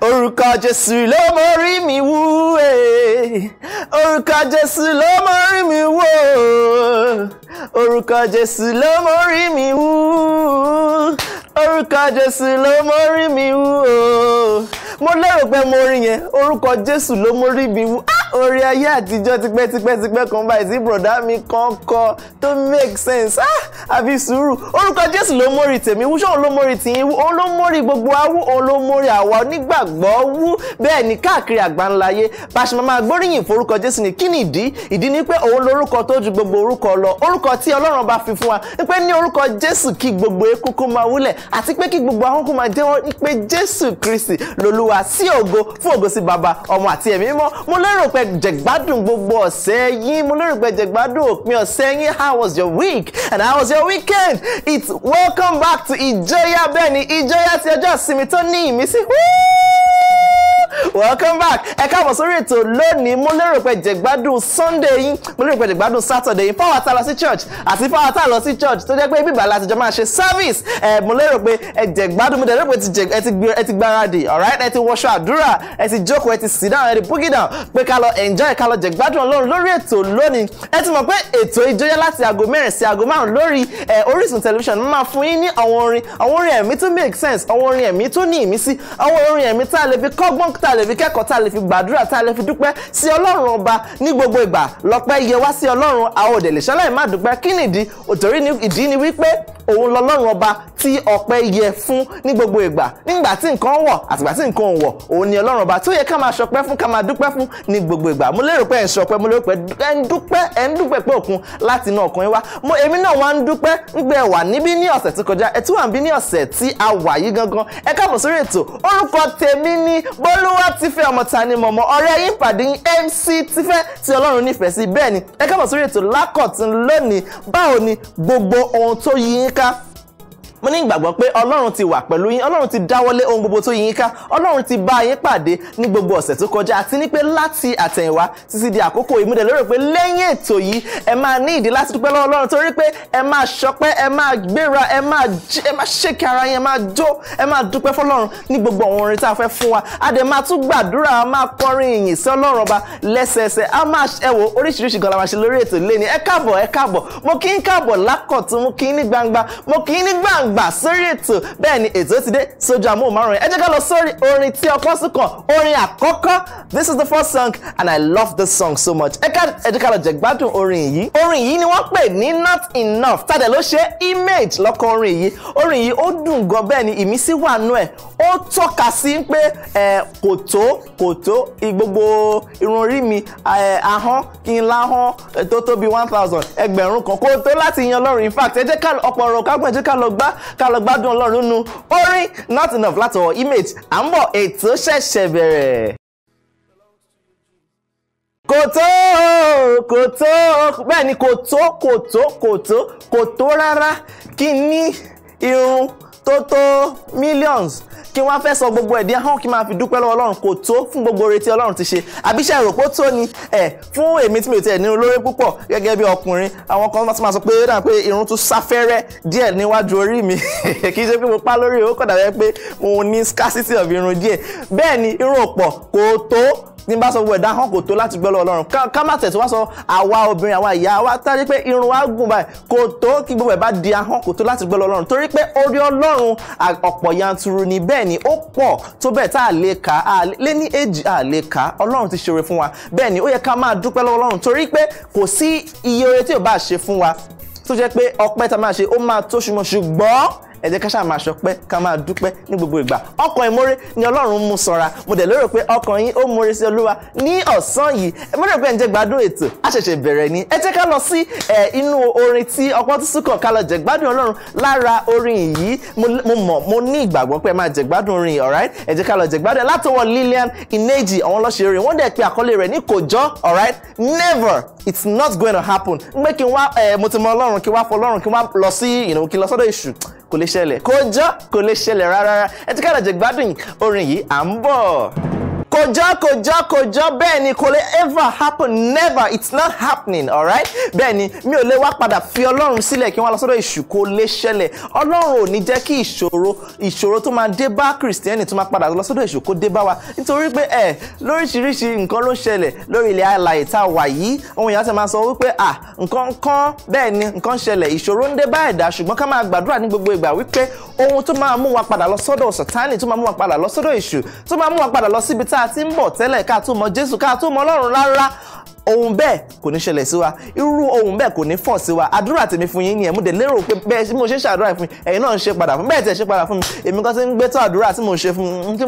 orúkọ Jésù ló mórí e. mi wú orúkọ Jésù ló mórí mi wú orúkọ Jésù ló mórí mi wú orúkọ Jésù ló mórí mi wú mo lérò pé mo rí yẹn orúkọ Jésù ló mórí mi wú. Ah! orin ayé àtijọ́ tipẹ́tipẹ́tipẹ́ kan báyìí tí bùrọ̀dá mi kan kọ tó make sense ah àfi sùúrù orúkọ jésù ló mórí tèmi wú ṣóun ló mórí tìyín wú òun ló mórí gbogbo awú òun ló mórí àwa onígbàgbọ́ wú bẹ́ẹ̀ ni káàkiri àgbáńláyé pàṣẹ máa gbóríyìn forúkọ jésù ni kí ni ìdí ìdí ni pé òun lorúkọ tó ju gbogbo orúkọ lọ orúkọ tí ọlọ́run bá fi fún wa ni pé ní orúkọ jésù kí gbogbo eku kó máa wúlẹ̀ àti pé kí gbogbo ahọ́n kó máa jẹ́wọ́ ni pé jésù kristi lolúwa sí ògo baba ọmọ mo lérò pé jẹ̀gbádùn gbogbo ọ̀sẹ̀ yín mo lérò pé jẹ̀gbádùn òpin ọ̀sẹ̀ yín how was your week and how was your weekend it's welcome back to ìjọyà bẹ́ẹ̀ ni ìjọyà ti ọjọ́ ìsinmi tó ní ìmísí woo welcome back ẹ káàbọ̀ sórí ètò lónìí mo lérò pé jẹ̀gbádùn sunday yín mo lérò pé jẹ̀gbádùn saturday yín fáwọn àtàlọ sí church àti fáwọn àtàlọ sí church tó jẹ́ pé bíbà láti jọ máa ṣe service ẹ mo lérò pé ẹ jẹ̀gbádùn mo dẹ̀ lérò pé ẹ ti gbáradì alright ẹ ti wọṣọ àdúrà ẹ ti jókòó ẹ ti sit down ẹ ti boogie down pé ká lọ enjoy ká lọ jẹ̀gbádùn ọlọ́run lórí ètò lónìí ẹ ti mọ̀ pé ètò ìjọyẹ láti aago mẹ́rin sí aago márùn lórí Orísun tẹlifíṣàn máa fún yín ní àwọn orin àwọn orin ẹ̀mí tó make sense àwọn orin ẹ̀mí tó ní ìmísí àwọn orin ẹ̀mí tá a lè fi kọ́gbọ́n tá a lè fi kẹ́kọ̀ọ́ tá a lè fi gbàdúrà tá lè fi dúpẹ́ sí ọlọ́run ọba ní gbogbo ìgbà lọ́pẹ́ yẹ wá sí ọlọ́run àwọn òdèlè ṣáláì má dúpẹ́ kí nìdí òtòrí ìdí ni wípé òun lọlọ́run ọba tí ọpẹ́ yẹ fún ní gbogbo ìgbà nígbà tí nǹkan wọ̀ àtìgbà tí nǹkan wọ̀ òun ni ọlọ́run ọba tó yẹ ká máa ṣọpẹ́ fún ká máa dúpẹ́ fún ní gbogbo ìgbà mo lérò pé ẹ̀ ń ṣọpẹ́ mo lérò pé ẹ̀ ń dúpẹ́ ẹ̀ ń dúpẹ́ pé òkun láti inú ọkùnrin wá mo èmi náà wá ń dúpẹ́ ń gbé wà níbí ní ọ̀sẹ̀ tó kọjá ẹ̀ tún wà níbí ní ọ̀sẹ̀ tí a wà yìí gangan ẹ káàbọ̀ sórí ètò orúkọ tèmi ni bólú wá tífẹ́ ọmọ ta ni mọ̀mọ́ ọ̀rẹ́ yín pàdé yín MC tífẹ́ tí ọlọ́run nífẹ̀ẹ́ sí bẹ́ẹ̀ ni ẹ kábọ̀ sórí ètò lákọ̀tún lónìí báwo ni gbogbo ohun tó yí yín ká mo ní ìgbàgbọ́ pé ọlọ́run ti wà pẹ̀lú yín ọlọ́run ti dáwọ́lé ohun gbogbo tó yín ká ọlọ́run ti bá yín pàdé ní gbogbo ọ̀sẹ̀ tó kọjá àti ní pé láti àtẹ̀yìnwá títí di àkókò yìí mo dẹ̀ lérò pé lẹ́yìn ètò yìí ẹ máa ní ìdí láti dúpẹ́ lọ́wọ́ ọlọ́run torí pé ẹ máa ṣọpẹ́ ẹ máa gbéra ẹ máa jí ẹ máa ṣèkì ara yín ẹ máa jó ẹ máa dúpẹ́ fọlọ́run ní gbogbo àwọn orin tá a fẹ́ fún wa wo oríṣiríṣi gan la máa ṣe lórí ètò ilé ni ẹ káàbọ̀ ẹ káàbọ̀ mo kí ń gbà sórí ètò bẹ́ẹ̀ ni ètò ti dé sójú amóhùnmáwòrán ẹ jẹ́ ká lọ sórí orin tí ọkàn sùn kàn orin àkọ́kọ́ this is the first song and I love this song so much ẹ jẹ́ ká lọ jẹ gbádùn orin yìí orin yìí ni wọ́n pè ní not enough tàdé ló ṣe image lọ́kọ orin yìí orin yìí ó dùn gan bẹ́ẹ̀ ni ìmísí wà nú ẹ̀ ó tọ́ka sí pé kò tó kò tó gbogbo irun orí mi ahọ́n kí n láhọ́n tó tó one thousand ẹgbẹ̀rún kan kó tó láti yan lọ́rùn in fact ẹ jẹ́ ká ọ̀pọ̀ ọ̀rọ̀ kágbọ̀n ẹ jẹ́ ká lọ gbá ká lọ gbádùn ọlọ́run nu orin not enough látọwọ́ image à ń bọ̀ ètò ṣẹ̀ṣẹ̀ bẹ̀rẹ̀ kò tó kò tó bẹ́ẹ̀ ni kò tó kò tó kò tó kò tó rárá kí ní irun tó tó millions kí wọ́n fẹ́ sọ gbogbo ẹ̀dín ahọ́n kí n máa fi dúpẹ́ lọ́wọ́ ọlọ́run kò tó fún gbogbo oore tí ọlọ́run ti ṣe àbíṣẹ́ ìròpó tó ni ẹ̀ fún èmi tí mi ò tiẹ̀ nínú lórí púpọ̀ gẹ́gẹ́ bí ọkùnrin àwọn kan máa sọ pé ó dà pé irun tún sáfẹ́rẹ́ díẹ̀ níwájú orí mi kì í ṣe pé mo pa lórí ó kọ̀ pé mo ní scarcity of irun díẹ̀ bẹ́ẹ̀ ni irun ò pọ̀ kò tó tí n bá sọ gbogbo ẹ̀dá hàn kò tó láti gbọ́ lọ́wọ́ Ọlọ́run ká má tẹ̀sí wá sọ àwa obìnrin àwa ìyá wa tá a rí pé irun wa gùn báyìí kò tó kí gbogbo ẹ̀ bá di ahọ́n kò tó láti gbọ́ lọ́wọ́ Ọlọ́run torí pé orí Ọlọ́run ọ̀pọ̀ yanturu ni bẹ́ẹ̀ ni ó pọ̀ tó bẹ́ẹ̀ tá a lè kà á lé ní èjì a lè kà á Ọlọ́run ti ṣeré fún wa bẹ́ẹ̀ ni ó yẹ ká máa dúpẹ́ lọ́wọ́ Ọlọ́run torí pé kò sí iye oore tí ò bá ṣe fún wa tó jẹ́ pé ọpẹ́ tá máa ṣe ó máa tó ṣùgbọ́n ẹ jẹ́ ká ṣáà máa ṣọpẹ́ ká máa dúpẹ́ ní gbogbo ìgbà ọkàn ìmoore ni ọlọ́run mú sọra mo dẹ̀ lérò pé ọkàn yín ó moore sí olúwa ní ọ̀sán yìí ẹ mọ̀rọ̀ pé ẹ̀ ń jẹ́ gbádùn ètò a ṣẹ̀ṣẹ̀ bẹ̀rẹ̀ ni ẹ jẹ́ ká lọ sí inú orin tí ọpọ́n tún sùkọ̀ ká lọ jẹ gbádùn ọlọ́run lára orin yìí mo mọ̀ mo ní ìgbàgbọ́ pé ẹ máa jẹ gbádùn orin yìí ẹ jẹ́ ká lọ Lilian Ineji àwọn ọlọ́ṣẹ́ orin wọ́n dẹ̀ pe àkọlé rẹ̀ ní kò jọ́ never it's not going to happen n gbé kí n wá mo ti mọ ọlọ́run kí n wá kò lè ṣẹlẹ̀ kó jọ́ kò lè ṣẹlẹ̀ rárá ẹ ti ká àdàjẹ́ gbádùn orin yìí à ń bọ̀ kò jọ kò jọ kò jọ bẹ́ẹ̀ ni kò lè ever happen never it's not happening alright bẹ́ẹ̀ ni mi ò lè wá padà fi ọlọ́run sílẹ̀ kí wọ́n lọ sọ́dọ̀ èṣù kó lè ṣẹlẹ̀ ọlọ́run ò ní jẹ́ kí ìṣòro ìṣòro tó máa dé bá kìrìsìtẹ́nì tó máa padà lọ sọ́dọ̀ èṣù kó dé bá wa nítorí pé ẹ lóríṣiríṣi nǹkan ló ṣẹlẹ̀ lórí ilẹ̀ alàyè tá a wà yìí ohun ìyá ti máa sọ wípé à nǹkan kan bẹ́ẹ̀ ni nǹkan ṣẹlẹ̀ ìṣòro ń dé bá ẹ̀dá ṣùgbọ́n ká máa gbàdúrà ní gbogbo ìgbà wípé ohun tó máa mú wa padà lọ sọ́dọ̀ sọ̀tánì tó máa mú wa padà lọ sọ́dọ̀ èṣù tó máa mú wa padà lọ síbi tá a a ti ń bọ̀ tẹ́lẹ̀ ká tó mọ Jésù ká tó mọ Ọlọ́run rárá ohun bẹ́ẹ̀ kò ní ṣẹlẹ̀ sí wa irú ohun bẹ́ẹ̀ kò ní fọ̀ sí wa àdúrà tèmi fún yín ni ẹ̀ mú dé lérò pé bẹ́ẹ̀ mo ṣe ń ṣàdúrà fún yín ẹ̀yin náà ń ṣe padà fún bẹ́ẹ̀ tẹ̀ ṣe padà fún mi èmi kan ti ń gbé tó àdúrà tí mo ṣe fún mi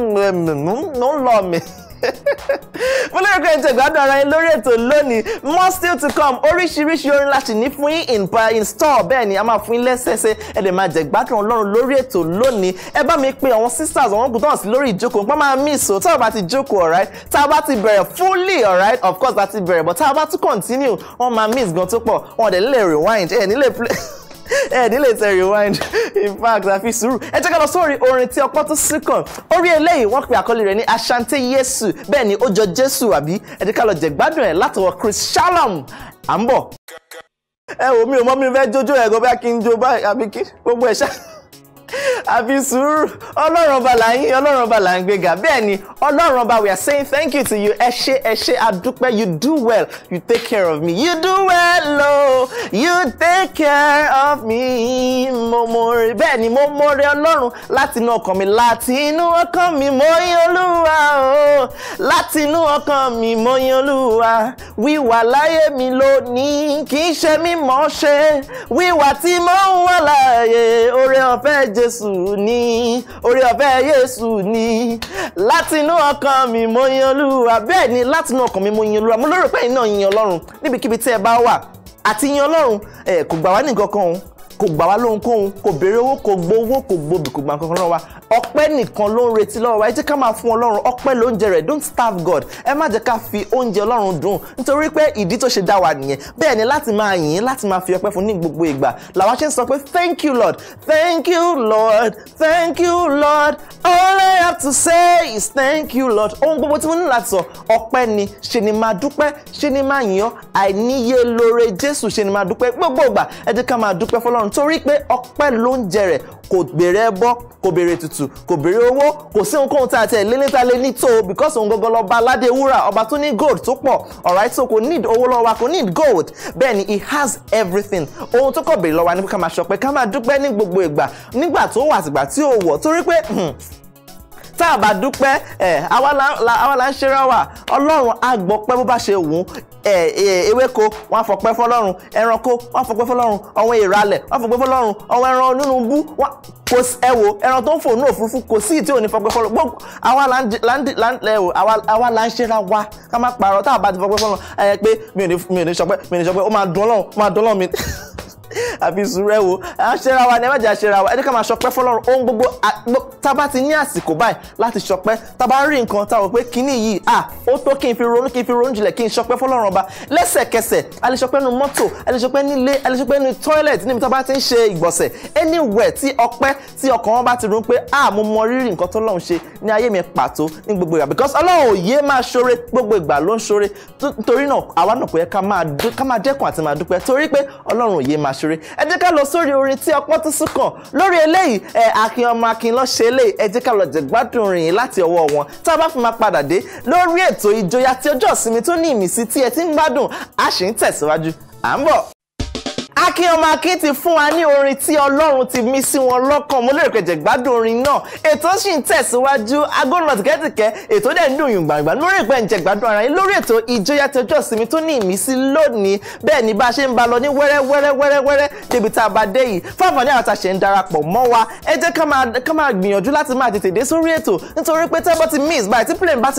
mo ń lọ mi. mo lérò pé ẹjẹ ìgbádùn ara yín lórí ètò lónìí more still to come oríṣiríṣi orin láti ní fún yín in by in store bẹ́ẹ̀ ni a máa fún yín lẹ́sẹsẹ ẹ lè máa jẹ ìgbádùn ọlọ́run lórí ètò lónìí ẹ bá mi pe àwọn sisters àwọn gùdán sí lórí ìjókòó pọ́n máa mí ìṣó tá a bá ti jókòó alright tá a bá ti bẹ̀rẹ̀ fully alright of course bá ti bẹ̀rẹ̀ but tá a bá tún continue wọ́n máa miss gan tó pọ̀ wọ́n dẹ̀ nílẹ̀ rewind ẹ̀ nílẹ̀ play. ẹ̀ẹ́dínlẹ̀ tẹ rewind in fact àfi sùúrù ẹ jẹ́ ká lọ sórí orin tí ọpọ́n tún sí kàn orí eléyìí wọ́n pe àkọlé rẹ̀ ní asante yesu bẹ́ẹ̀ ni ó jọ jésù àbí ẹ jẹ́ ká lọ jẹ̀gbádùn ẹ̀ látọwọ́ Chris Shalom à ń bọ̀. ẹ wò mí o mọ́ mi fẹ́ jójó ẹ̀gọ́ bá kí n jó báyìí àbí kí gbogbo ẹ̀ ṣáà àfi sùúrù ọlọ́run ọba là ń yìn ọlọ́run ọba là ń gbéga bẹ́ẹ̀ ni ọlọ́run ọba we are saying thank you to you ẹ ṣé ẹ ṣé adúpẹ́ you do well you take care of me you do well o oh. you take care of me mo mo re bẹ́ẹ̀ ni mo mo re ọlọ́run láti inú ọkàn mi láti inú ọkàn mi mo yìn olúwa o oh. láti inú ọkàn mi mo yìn olúwa wíwà láyé mi lónìí kì í ṣe mímọ̀ ṣe wíwà tí mo ń wà láàyè oore ọ̀fẹ́ jésù. Jésù ni orí ọ̀fẹ́ Jésù ni látinú ọkàn mi mo yin Olúwa bẹ́ẹ̀ ni látinú ọkàn mi mo yin Olúwa mo lérò pé ẹ̀yin yin Ọlọ́run níbikíbi tí ẹ bá wà àti yin Ọlọ́run ẹ kò gbà wá nìkan kan o kò gbà wá lóhunkóhun kò béèrè owó kò gbowó kò gbobì kò gbà kankan lọ́wọ́ wa ọpẹ́ nìkan ló ń retí lọ́wọ́ wa ẹ jẹ́ ká máa fún ọlọ́run ọpẹ́ lóúnjẹ rẹ̀ don't starve God ẹ má jẹ́ ká fi oúnjẹ ọlọ́run dùn nítorí pé ìdí tó ṣe dá wa nìyẹn bẹ́ẹ̀ ni láti máa yìn láti máa fi ọpẹ́ fún ní gbogbo ìgbà làwa ṣe ń sọ pé thank you Lord thank you Lord thank you Lord oh to say is thank you lord ohun gbogbo tí mo ní láti sọ ọpẹ́ ni ṣe ni máa dúpẹ́ ṣe ni máa yàn àìníye lóore jésù ṣe ni máa dúpẹ́ gbogbo ìgbà ẹ jẹ́ ká máa dúpẹ́ fọ́lọ́run torí pé ọpẹ́ ló ń jẹ rẹ̀ kò béèrè ẹbọ kò béèrè tutù kò béèrè owó kò sí ohunkóhun tá a tẹ̀ lélẹ́ta lé ní tó because òun gangan lọ́ba aládé wúrà ọba tó ní gold tó pọ̀ alright so kò need owó lọ́wọ́ kò need gold bẹ́ẹ̀ ni he has everything ohun tó kọ̀ béèrè lọ́wọ́ wa ni ká máa ṣọpẹ́ ká máa dúpẹ́ ní gbogbo ìgbà nígbà tó wà àtìgbà tí ó wọ̀ torí pé hmm, tá a bá dúpẹ́ àwa là ń ṣera wa ọlọ́run á gbọ́pẹ́ bó bá ṣe wù ú ewéko wọn á fọpẹ́ fọ́lọ́run ẹranko wọn á fọpẹ́ fọ́lọ́run ọwọn ìralẹ̀ wọn á fọpẹ́ fọ́lọ́run ọwọn ẹran onínúbú kò ẹ wo ẹran tó ń fò ní òfurufú kò sí tí ò ní fọpẹ́ fọ́lọ́run gbogbo àwa là ń ṣera wa ká má parọ́ tá a bá ti fọpẹ́ fọ́lọ́run ẹ pé mi ò ní sọpẹ́ mi ò ní sọpẹ́ ó máa dùn ọlọ́run ó máa dùn ọlọ́run mi. àfi sùúrù ẹ wo àṣẹra wa ni ẹ má jẹ́ àṣẹra wa ẹ jẹ́ ká máa ṣọpẹ́ fọ́lọ́run ohun gbogbo tá a bá ti ní àsìkò báyìí láti ṣọpẹ́ tá a bá rí nǹkan tá a wò pé kíní yìí à ó tó kí n fi ronú kí n fi ronú jinlẹ̀ kí n ṣọpẹ́ fọ́lọ́run ọba lẹ́sẹ̀kẹsẹ̀ a lè ṣọpẹ́ nu mọ́tò a lè nílé a nu tọ́ílẹ̀tì níbi tá ti ń ṣe ìgbọ̀nsẹ̀ anywhere tí ọpẹ́ tí ọkàn wọn bá ti rún pé à mo mọ rírì nǹkan tó lọ́run mi pàtó ní gbogbo ìgbà because ọlọ́run òye máa ṣoore gbogbo ìgbà ló ń ṣoore torí náà àwa náà kò yẹ ká máa dẹ́kun àti máa dúpẹ́ àṣírí ẹ jẹ́ ká lọ sórí orin tí ọpọ́n tún sún kàn lórí eléyìí ẹ akin ọmọ akin lọ ṣe eléyìí ẹ jẹ́ ká lọ jẹ gbádùn rìn yìí láti ọwọ́ wọn tá a bá fi máa padà dé lórí ètò ìjọyà tí ọjọ́ ìsinmi tó ní ìmísí tí ẹ ti ń gbádùn a sì ń tẹ̀síwájú à ń bọ̀ akínyọmọ akín ti fún wa ní orin tí ọlọ́run ti mí sí wọn lọ́kàn mo lérò kẹjẹ gbádùn orin náà ètò sì ń tẹ̀síwájú agolo tìkẹ́tìkẹ́ ètò dẹ̀ ń dùn yùn gbàngbà lórí ìpẹ́ ǹjẹ́ gbádùn ara yín lórí ètò ìjóyà tí ọjọ́ ìsinmi tó ní ìmísí lónìí bẹ́ẹ̀ ni bá a ṣe ń ba lọ ní wẹ́rẹ́ wẹ́rẹ́ wẹ́rẹ́ wẹ́rẹ́ débi tá a bá dé yìí fáfàní àwọn àtàṣe ń darapọ̀ mọ́ wa ẹ jẹ́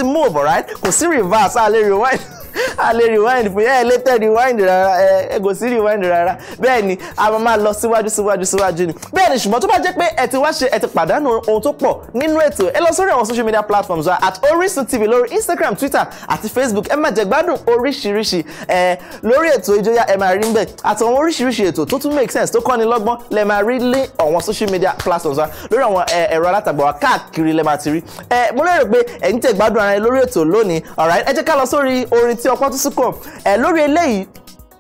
move alright kò reverse àlè rewind. a lè rewind fún yẹ́ ẹ later rewind rárá ẹ ẹ kò sí rewind rárá bẹ́ẹ̀ ni a máa máa lọ síwájú síwájú síwájú ni bẹ́ẹ̀ ni ṣùgbọ́n tó bá jẹ́ pé ẹ ti wá ṣe ẹ ti pàdánù ohun tó pọ̀ nínú ètò ẹ lọ sórí àwọn social media platforms wa at Orisun TV lórí Instagram Twitter àti Facebook ẹ máa jẹ gbádùn oríṣiríṣi ẹ lórí ètò ìjọyà ẹ máa rí ń bẹ̀ àtàwọn oríṣiríṣi ètò tó tún make sense tó kọ́ni lọ́gbọ́n lẹ máa rí lé àwọn social media platforms wa lórí àwọn ẹ̀rọ alátagbà wa káàkiri lẹ máa ti rí ẹ mo lérò pé ẹ ń tẹ gbádùn ara ẹ lórí tí ọpọ́n tún sùkọ̀ ẹ̀ lórí eléyìí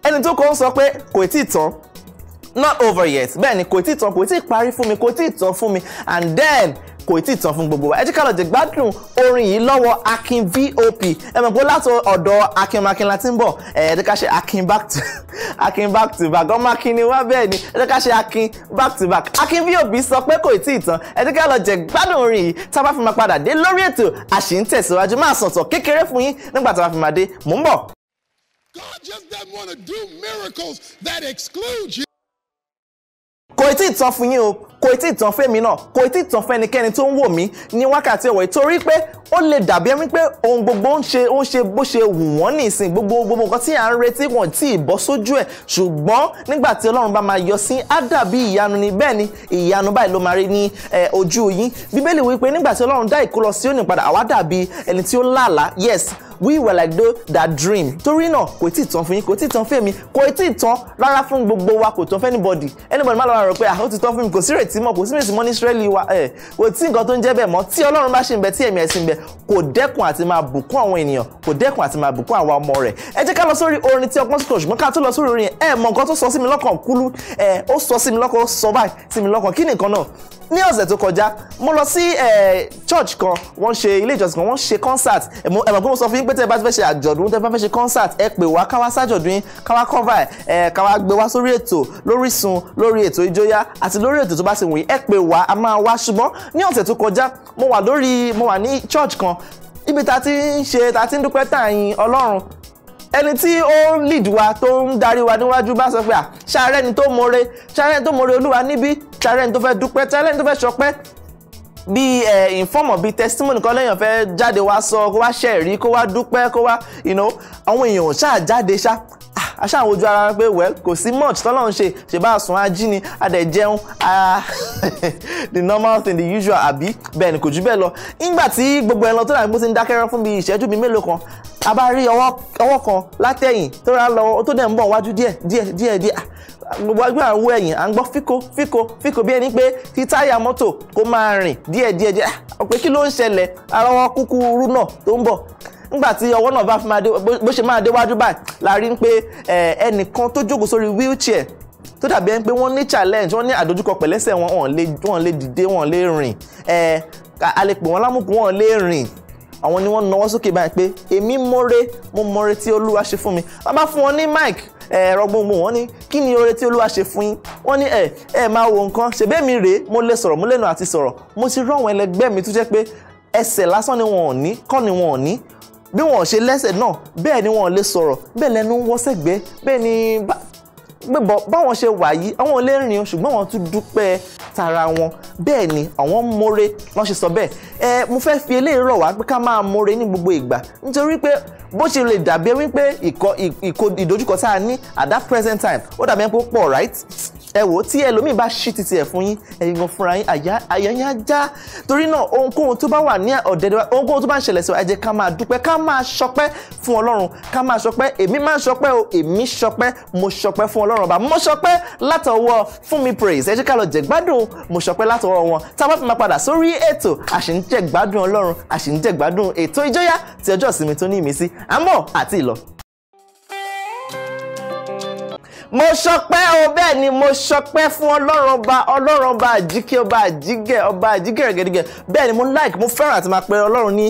ẹni tó kọ́ sọ pé kò tí ì tán not over yet bẹ́ẹ̀ ni kò tí ì tán kò tí ì parí fún mi kò tí ì tán fún mi and then kò tí ì tán fún gbogbo ẹ jẹ́ ká lọ jẹ gbádùn orin yìí lọ́wọ́ akin vop ẹ mọ̀ pé láti ọ̀dọ̀ akin ọmọ akin bọ̀ ẹ jẹ́ ká ṣe akin back to akin back to back ọmọ akin ni wá bẹ́ẹ̀ ni ẹ jẹ́ ká ṣe akin back to back akin vop sọ pé kò tí ì tán ẹ jẹ́ ká lọ jẹ gbádùn orin yìí tá a bá fi máa padà dé lórí ètò àṣì ń tẹ̀síwájú máa sọ̀tọ̀ kékeré fún yín nígbà tá a bá fi máa dé mò ń bọ̀. God just doesn't want to do miracles that exclude you kò tí ì tán fún yín o kò tí ì tán fún èmi náà kò tí ì tán fún ẹnikẹ́ni tó ń wò mí ní wákàtí ọ̀wọ̀ ìtorí pé ó lè dàbí ẹni pé ohun gbogbo ń ṣe ó ń ṣe bó ṣe wù wọ́n nìsín gbogbo gbogbo nǹkan tí à ń retí wọn tí ì bọ́ sójú ẹ̀ ṣùgbọ́n nígbà tí Ọlọ́run bá máa yọ sí á dàbí ìyanu ni bẹ́ẹ̀ ni ìyanu báyìí ló máa rí ní ojú yín Bíbélì wípé nígbà tí Ọlọ́run dá ìkólọ sí òní padà àwa dàbí ẹni tí ó lálàá yes we were like those that dream torí náà kò tí ì tán fún yín kò tí ì tán fún èmi kò tí ì tán rárá fún gbogbo wa kò tán fún anybody anybody má lọ́wọ́ rẹ̀ pé ah, ó ti tán fún mi kò sí rètí mọ́ kò sí rètí mọ́ ní Ísírẹ́lì wa ẹ̀ eh, kò tí nǹkan tó ń jẹ́ bẹ́ẹ̀ mọ́ tí Ọlọ́run bá ṣì ń bẹ tí ẹ̀mí ẹ̀sìn bẹ kò dẹ́kun àti máa bùkún àwọn ènìyàn kò dẹ́kun àti máa bùkún àwa ọmọ rẹ̀ ẹ jẹ́ ká lọ sórí orin tí ọgbọ́n sọ̀tò ṣùgbọ́n ká tó lọ sórí orin ẹ̀ mọ̀ nǹkan ní ọ̀sẹ̀ tó kọjá mo lọ sí eh, church kan wọ́n ṣe ilé ìjọsìn kan wọ́n ṣe concert ẹ̀mọ̀ pé mo sọ fún yín pé tẹ́ ẹ bá fẹ́ ṣe àjọ̀dún tẹ́ bá fẹ́ ṣe concert ẹ pè wá káwá sájọ̀dún yín káwá cover ẹ̀ káwá gbé wá sórí ètò lórísun lórí ètò ìjóyà àti lórí ètò tó bá ti wù yín ẹ pè wá a máa wá ṣùgbọ́n ní ọ̀sẹ̀ tó kọjá mo wà lórí mo wà ní church kan ibi ta ti ń ṣe ta ti ń dúpẹ́ tà yín ọlọ́run ẹni tí ó ń lead wa tó ń darí wa níwájú bá sọ pé à ṣàárẹ̀ ni tó mọ̀re ṣàárẹ̀ ni tó mọ̀re olúwa níbí Challenge tó fẹ́ dúpẹ́ tàrẹ́ni tó fẹ́ ṣọpẹ́ bí ẹ eh, in of bí testimony kan lẹ́yìn fẹ́ jáde wá sọ kó wá ṣẹ̀rí kó wá dúpẹ́ kó wá you know àwọn èèyàn ṣáà jáde ṣá aṣáà ah, wojú ara pé wẹ́ kò sí much tọ́lọ́run ṣe ṣe bá sùn ajíni adẹ̀jẹun the normal thing the usual àbí bẹ́ẹ̀ ni kò jù bẹ́ẹ̀ lọ nígbà tí gbogbo ẹ̀ lọ tó dàbí mo ti ń dákẹ́rọ́ fún bí ìṣẹ́jú mi mélòó kan a bá rí ọwọ́ kan látẹ̀yìn tó rà lọ tó dẹ̀ ń bọ̀ wájú díẹ̀ díẹ̀ díẹ̀ díẹ̀ ah, gbogbo agbẹ́ àwọ̀ ẹ̀yìn à ń gbọ́ fíkó fíkó fíkó bí ẹni pé tí táyà mọ́tò kó máa rìn díẹ̀ díẹ̀ díẹ̀ ah, pé kí ló ń ṣẹlẹ̀ ara kúkúrú náà tó ń bọ̀ nígbà tí ọwọ́ náà bá fi máa dé bó ṣe máa déwájú báyìí la rí pé ẹnìkan tó jókòó sórí wheelchair tó dàbí ẹni pé wọ́n ní challenge wọ́n ní àdójúkọ pẹ̀lẹ́sẹ̀ wọn wọ́n lè dìde wọ́n lè rìn a lè pè wọ́n lámùkù wọ́n lè rìn àwọn ni wọ́n nawọ́ sókè báyìí pé èmi mọ́re mo mọ́re tí olúwa ṣe fún mi bàbá fún wọn ní mike ẹ̀rọ gbogbo wọn ní kí ni oore tí olúwa ṣe fún yín wọ́n ní ẹ ẹ máa wo nǹkan ṣèbẹ́ mi rèé mo lè sọ̀rọ̀ mo lè nà àti sọ̀rọ̀ mo ti rán àwọn ẹlẹgbẹ́ mi tó jẹ́ pé ẹsẹ̀ lásán ni wọn ò ní kọ́ ni wọn ò ní bí wọn ò ṣe lẹ́sẹ̀ náà bẹ́ẹ̀ ni wọn ò lè sọ̀rọ̀ bẹ́ẹ̀ lẹ́nu ń wọ́ sẹ́gbẹ́ bẹ́ẹ̀ ni gbẹ̀bọ̀ báwọn ṣe wà yìí àwọn ò lè rìn ṣùgbọ́n àwọn tún dúpẹ́ tara wọn bẹ́ẹ̀ ni àwọn mórè lọ́n ṣe sọ bẹ́ẹ̀ ẹ mo fẹ́ fi eléyìí rọ̀ wá pé ká máa mórè ní gbogbo ìgbà nítorí pé bó ṣe lè dàbí wípé ìdojúkọ tá a ní at that present time ó dàbí ẹni pé ó pọ̀ right ẹ wò ó tí ẹlòmíì bá ṣí titi ẹ fún yín ẹ̀yin gan fúnra yín àyà àyà yín á já torí náà ohunkóhun tó bá wà ní ọ̀dẹ̀ ohunkóhun tó bá ń ṣẹlẹ̀ sí wa ẹ jẹ́ ká máa dúpẹ́ ká máa ṣọpẹ́ fún ọlọ́run ká máa ṣọpẹ́ èmi máa ṣọpẹ́ o èmi ṣọpẹ́ mo ṣọpẹ́ fún ọlọ́run ọba mo ṣọpẹ́ látọwọ́ fún mi praise ẹ jẹ́ ká lọ jẹ̀gbádùn mo ṣọpẹ́ látọwọ́ wọn tá a bá fi máa padà sórí ètò àṣìjẹ̀gbádùn ọlọ́run àṣìjẹ̀gbádùn ètò ìjọ́yà ti ọjọ́ ìsinmi tó ní ìmísí àmọ́ àti mo ṣọpẹ́ o bẹ́ẹ̀ ni mo ṣọpẹ́ fún ọlọ́run ọba ọlọ́run ọba àjíkẹ́ ọba àjígẹ̀ ọba àjígẹ̀ rẹ̀gẹ̀dẹ̀gẹ̀ bẹ́ẹ̀ ni mo like mo fẹ́ràn àti máa pẹ́ ọlọ́run ní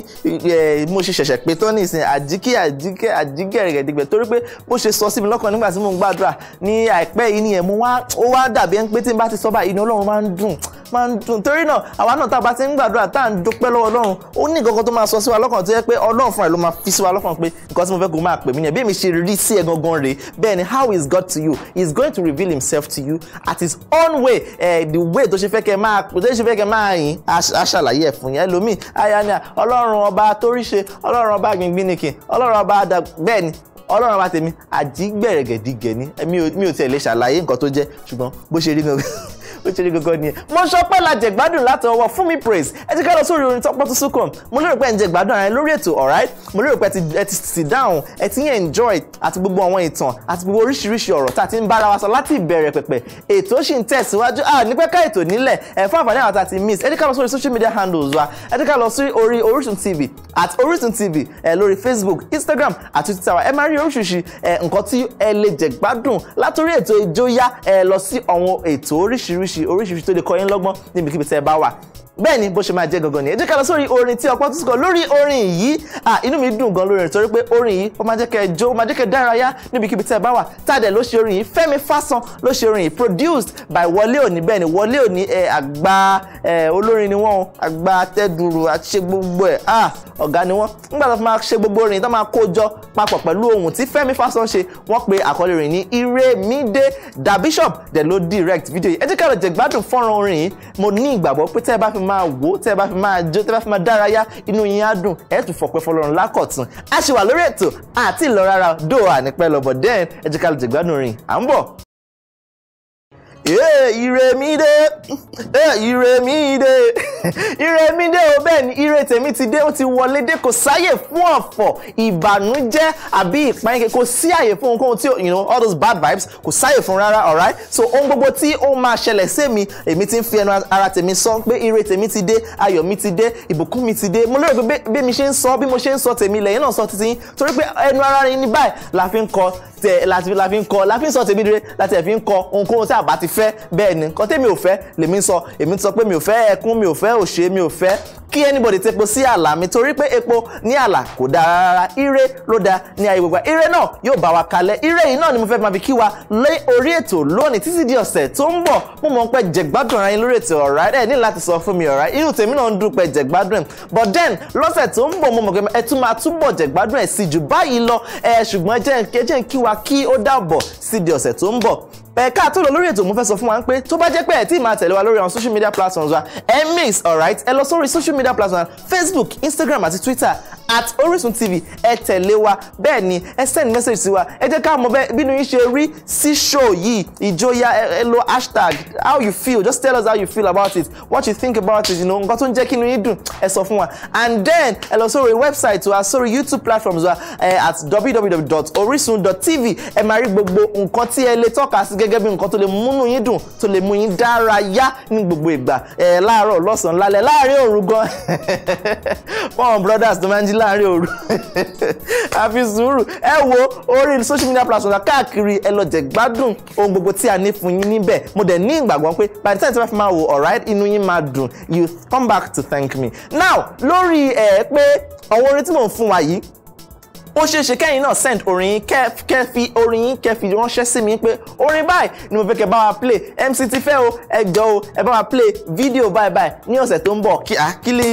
mo ṣe ṣẹ̀ṣẹ̀ pé tọ́ni ìsìn àjíkẹ́ àjíkẹ́ àjígẹ̀ rẹ̀gẹ̀dẹ̀gẹ̀ torí pé bó ṣe sọ sí mi lọ́kàn nígbà tí mo ń gbàdúrà ní àìpẹ́ yìí nìyẹn mo wá ó wá dàbí ẹni pé tí n bá ti sọ báyìí ni ọlọ́run máa ń dùn máa ń dùn torí náà àwa náà tá a bá ti ń gbàdúrà tá à ń dúpẹ́ lọ́wọ́ ọlọ́run ó ní nǹkan kan tó máa sọ sí wa lọ́kàn tó yẹ pé ọlọ́run fúnra ló máa fi sí wa lọ́kàn pé nǹkan tí mo fẹ́ kó máa pè mí nìyẹn bí èmi ṣe rí sí ẹ gangan rèé bẹ́ẹ̀ ni how is God to you he is going to reveal himself to you at his own way uh, the way tó ṣe fẹ́ kẹ́ máa tó ṣe fẹ́ kẹ́ máa yìn á ṣàlàyé ẹ̀ fún yẹn ẹlòmíì ayáni ọlọ́run ọba toríṣe ọlọ́run ọba gbìngbìnìkì ọlọ́run ọba àdà bẹ́ẹ̀ ni ọlọ́run ọba tèmi àjígbẹ̀rẹ̀gẹ̀dìgẹ̀ ni mi ò tiẹ̀ lè ṣàlàyé nǹkan tó jẹ́ ṣùgbọ́n bó ṣe rí mi. òṣèré gangan nìyẹn mo ṣọpẹ́ la jẹ gbádùn láti ọwọ́ Fúnmi Praise ẹ ti ká lọ sórí orin Tọ́pẹ́ Túnsúnkàn mo lérò pé ẹ ń jẹ gbádùn ara yẹn lórí ètò alright mo lérò pé ẹ ti sit down ẹ ti ń enjoy àti gbogbo àwọn ìtàn àti gbogbo oríṣiríṣi ọ̀rọ̀ tá a ti ń bára wa sọ láti ìbẹ̀rẹ̀ pẹ̀pẹ̀ ètò sì ń tẹ̀síwájú à ní pẹ́ká ètò nílẹ̀ ẹ̀ fún àǹfààní àwọn tá miss ẹ ti ká sórí social media handles wa ẹ ti ká lọ orí Orísun TV at Orísun TV ẹ lórí Facebook Instagram àti Twitter wa ẹ máa rí oríṣiríṣi nǹkan tí ẹ lè jẹ gbádùn látòrí ètò ìjóyà ẹ lọ sí àwọn ètò oríṣiríṣi oríṣiríṣi oríṣiríṣi tó lè kọ́ yín lọ́gbọ́n níbikíbi tẹ́ ẹ bá wà bẹ́ẹ̀ ni bó ṣe máa jẹ́ gangan ni ẹ jẹ́ ká lọ sórí orin tí ọpọ́ tún sọ lórí orin yìí inú mi dùn gan lórí rẹ̀ torí pé orin yìí ó máa jẹ́ kẹ́ ẹ jó ó máa jẹ́ kẹ́ ẹ dárayá níbikíbi tẹ́ ẹ bá wà tádẹ̀ ló ṣe orin yìí Fẹ́mi Fásán ló ṣe orin yìí produced by Wọlé Òní bẹ́ẹ̀ ni Wọlé Òní ẹ àgbà ẹ olórin ni wọ́n àgbà tẹ́dùrù àti gbogbo ẹ̀ ah ọ̀gá ni wọ́n nígbà tó máa ṣe gbogbo orin tó máa kó jọ papọ̀ pẹ̀lú ohun tí Fẹ́mi Fásán ṣe wọ́n pe àkọlé orin ní Ìrèmídé Da Bishop dẹ̀ ló direct video yìí ẹ jẹ́ ká lọ jẹ̀gbádùn fọ́nrán orin yìí mo ní ìgbàgbọ́ pé tẹ́ ẹ bá fi máa wò tẹ́ ẹ bá fi máa jó tẹ́ ẹ bá fi máa dárayá inú yín á dùn ẹ tún fọpẹ́ fọ́lọ́run lákọ̀tún a ṣì wà lórí ètò àti ìlọ rárá dóò ànípẹ́ lọ́bọ̀ dẹ́n ẹ jẹ́ jẹ̀gbádùn rìn à ń bọ̀. Iremide. Eh, mi Iremide. ire mi dé eh, ire mi dé o bẹ́ẹ̀ ni ire tèmi ti dé ó ti wọlé dé kò sáyè fún ọ̀fọ̀ ìbànújẹ́ àbí ìpáyínkè kò sí àyè fún ohunkóhun tí you know all those bad vibes kò sáyè fún rárá alright so ohun gbogbo tí ó máa ṣẹlẹ̀ sẹ́mi èmi ti ń fi ẹnu ara tèmi sọ pé ire tèmi ti dé ayọ̀ mi ti dé ìbùkún mi ti dé mo lérò pé bí mi ṣe ń sọ bí mo ṣe ń sọ tèmi lẹ́yìn náà sọ títí torí pé ẹnu ara yín ní báyìí la fi ń kọ tẹ láti la fi ń kọ la fi ń sọ tèmi dire láti ẹ̀ fi ń kọ ohunkóhun tí àbá ti fẹ́ bẹ́ẹ̀ ni nǹkan tèmi ò fẹ́ lèmi ń sọ èmi ń sọ pé mi ò fẹ́ ẹkún mi ò fẹ́ òṣè mi ò fẹ́ kí anybody tepo sí àlà mi torí pé epo ní àlà kò dáa rárá ire ló dáa ní ayé gbogbo ire náà yóò bá wa kalẹ̀ ire yìí náà ni mo fẹ́ máa fi kí wa lé orí ètò lónìí títí di ọ̀sẹ̀ tó ń bọ̀ mo mọ̀ pé jẹ̀gbádùn ara yín lórí ètò ọ̀rá ẹ̀ ní láti sọ fún mi ọ̀rá irú tèmi náà ń dúpẹ́ jẹ̀gbádùn ẹ̀ but then lọ́sẹ̀ tó ń bọ̀ mo mọ̀ pé ẹ tún máa túbọ̀ jẹ̀gbádùn ẹ̀ sí jù báyìí lọ ẹ ṣùgbọ́n jẹ́ ń kí wa wa kí ó dàbọ̀ sídi ọ̀sẹ̀ tó ń bọ̀ ẹ̀ka àtúrò lórí ètò mo fẹ́ sọ fún wa pé tó bá jẹ́ pé ẹ̀ tí máa tẹ̀lé wa lórí àwọn social media platforms wa ẹ̀ miss alright ẹ lọ sórí social media platforms Facebook Instagram àti Twitter at Orisun TV ẹ tẹ̀lé wa bẹ́ẹ̀ ni ẹ send message sí wa ẹ jẹ́ ká mọ̀ bẹ́ẹ̀ bínú yín ṣe rí sí show yìí ìjọya ẹ lo hashtag how you feel just tell us how you feel about it what you think about it you know nǹkan tó ń jẹ́ kí inú yín dùn ẹ sọ fún wa and then ẹ lọ sórí website wa sórí YouTube platforms wa at www.orisun.tv ẹ máa rí gbogbo nǹkan tí ẹ lè tọ́ka sí gẹ́gẹ́ bí nǹkan tó lè múnú yín dùn tó lè mú yín dárayá ní gbogbo ìgbà ẹ̀ láàárọ̀ lọ́sàn-án lálẹ́ láàárín òru gan fọ́ọ̀n brothers tó máa ń jí láàárín òru àfi sùúrù ẹ wo orí social media platform káàkiri ẹ lọ jẹ gbádùn ohun gbogbo tí a ní fún yín níbẹ̀ mo dẹ̀ ní ìgbàgbọ́ pé by the time tí wọ́n fi máa wò alright inú yín máa dùn you come back to thank me now lórí ẹ̀ pé ọ̀wọ́n orin tí mò ń fún wa yìí ó ṣeé ṣe kẹ́yìn náà send orin yín kẹ́ fi orin yín kẹ́ fi ránṣẹ́ sí mi pé orin báyìí ni mo fẹ́ kẹ́ bá wa play MC Tifẹ́ o ẹ jọ o ẹ bá wa play fídíò báyìí báyìí ní ọ̀sẹ̀ tó ń bọ̀ kí ni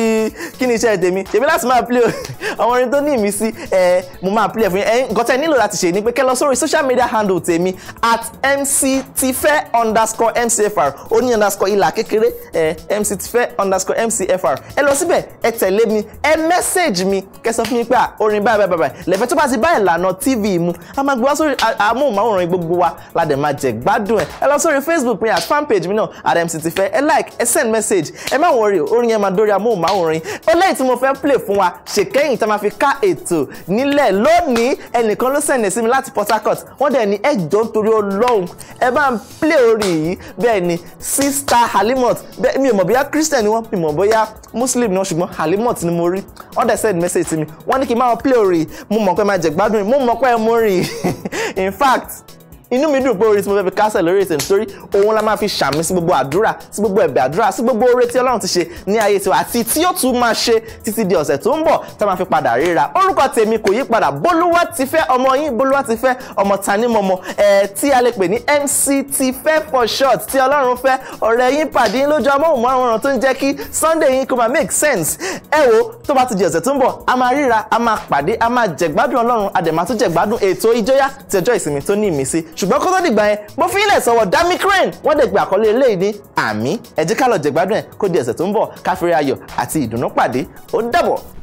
kí ni iṣẹ́ tèmi ṣèbí láti máa play àwọn orin tó ní ìmísí ẹ mo máa play fún yín ẹ nǹkan nílò láti ṣe ni pé kẹ́ lọ sórí social media handle tèmi at MC Tifẹ́ underscore MCFR ó ní underscore ìlà kékeré ẹ MC Tifẹ́ underscore MCFR ẹ lọ síbẹ̀ ẹ tẹ̀lé mi ẹ message mi kẹ́ sọ fún mi pé orin báyìí báyìí báyìí lẹ́fẹ̀ẹ́ tó bá ti bá ìlànà TV mu a máa gbé wá sórí amóhùnmáwòrán gbogbo wa la dẹ̀ máa jẹ̀ gbádùn ẹ̀ ẹ lọ sórí Facebook mi at fanpage mi náà at MC Tifẹ́ ẹ like ẹ send message ẹ má wọrí orin yẹn máa dórí amóhùnmáwòrán ó lẹ́yìn tí mo fẹ́ play fún wa ṣèkẹ́yìn tá máa fi ká ètò nílẹ̀ lónìí ẹnìkan ló sẹ̀ǹdẹ̀ sí mi láti Port Harcourt wọ́n dẹ̀ ní ẹjọ́ nítorí Ọlọ́run ẹ bá play orin yìí bẹ́ẹ̀ ni Sister Halimot bẹ́ẹ̀ mi ò mọ̀ bóyá Christian ni wọ́n mi mọ̀ bóyá muslim ni wọn ṣùgbọ́n halimot ni mo rí wọ́n send message to me. wọ́n ní kí n máa play orin mo mọ̀ pé máa jẹ̀ gbádùn mo mọ̀ pé mo rìn in fact inú mi dùn pé orin tí mo fẹ́ fi kásẹ̀ lórí ètò nítorí òun la máa fi ṣàmì sí gbogbo àdúrà sí gbogbo ẹ̀bẹ̀ àdúrà sí gbogbo oore tí Ọlọ́run ti ṣe ní ayé tiwa àti tí ó tún máa ṣe títí di ọ̀sẹ̀ tó ń bọ̀ tá a máa fi padà ríra orúkọ tèmi kò yí padà Bólúwatifẹ́ ọmọ yín Bólúwatifẹ́ ọmọ Tanímọ̀mọ́ ẹ̀ tí a lè pè ní MCTifẹ́ for short tí Ọlọ́run fẹ́ ọ̀rẹ́ yín pàdé lójú amóhùnmáwòrán tó ń jẹ́ kí Sunday yín kó máa make sense ẹ wo tó bá ti di ọ̀sẹ̀ tó ń bọ̀ a máa ríra a máa pàdé a máa jẹ̀gbádùn Ọlọ́run a dẹ̀ máa tún jẹ̀gbádùn ètò ìjọyà tí ọjọ́ ìsinmi tó ní ìmísí ṣùgbọ́n kó tó dìgbà yẹn mo fi ilẹ̀ sọ̀wọ́ dami crane wọ́n dẹ̀ gbé àkọlé eléyìí ní àmì ẹ jẹ́ ká lọ jẹ̀gbádùn ẹ̀ kó di ẹ̀sẹ̀ tó ń bọ̀ káfíńrẹ́ ayọ̀ àti ìdùnnú pàdé ó dàbọ̀